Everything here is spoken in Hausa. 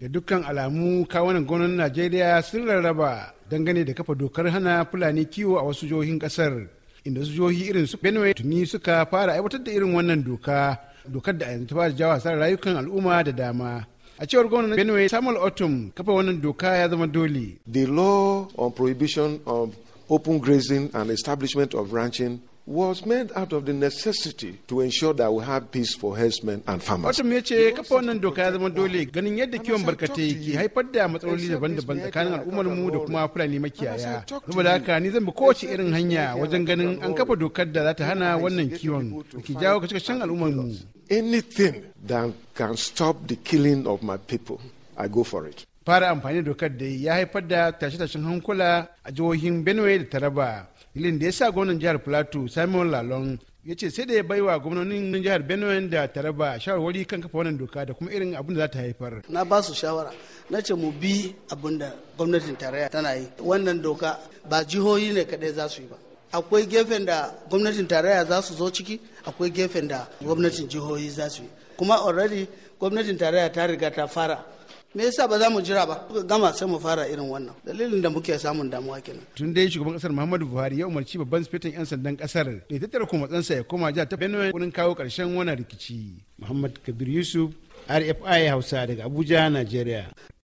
da dukkan alamu kawunan gwamnonin najeriya sun rarraba dangane da kafa dokar hana fulani kiwo a wasu jihohin kasar inda su jihohi irin su benue tuni suka fara aiwatar da irin wannan doka dokar da yanzu ta fara jawo rayukan al'umma da dama a cewar gwamnatin benue samuel otum kafa wannan doka ya zama dole the law on prohibition of open grazing and establishment of ranching was made out of the necessity to ensure that we have peace for herdsmen and farmers. Wata ya ce kafa wannan doka ya zama dole ganin yadda kiwon barkatai ke haifar da matsaloli daban-daban tsakanin al'ummar mu da kuma Fulani makiyaya. Saboda haka ni zan bi kowace irin hanya wajen ganin an kafa dokar da za ta hana wannan kiwon da ke jawo kashe-kashen al'ummar mu. Anything that can stop the killing of my people, I go for it. fara amfani da dokar da ya haifar da tashe-tashen hankula a jihohin benue da taraba ilin da ya sa gwamnan jihar plateau samuel lalon ya ce sai da ya baiwa gwamnonin jihar benue da taraba shawarwari kan kafa wannan doka da kuma irin abin da za ta haifar na ba su shawara na ce mu bi abin da gwamnatin tarayya tana yi wannan doka ba jihohi ne kadai za su yi ba akwai gefen da gwamnatin tarayya za su zo ciki akwai gefen da gwamnatin jihohi za su yi kuma already gwamnatin tarayya ta riga ta fara me yasa ba za mu jira ba kuka gama sai mu fara irin wannan dalilin da muke samun damuwa kenan tun dai shugaban kasar muhammadu buhari ya umarci babban sifetin yan sandan kasar da ya tattara kumatsansa ya koma jihar ta benue wurin kawo karshen wannan rikici muhammad kabir yusuf rfi hausa daga abuja nigeria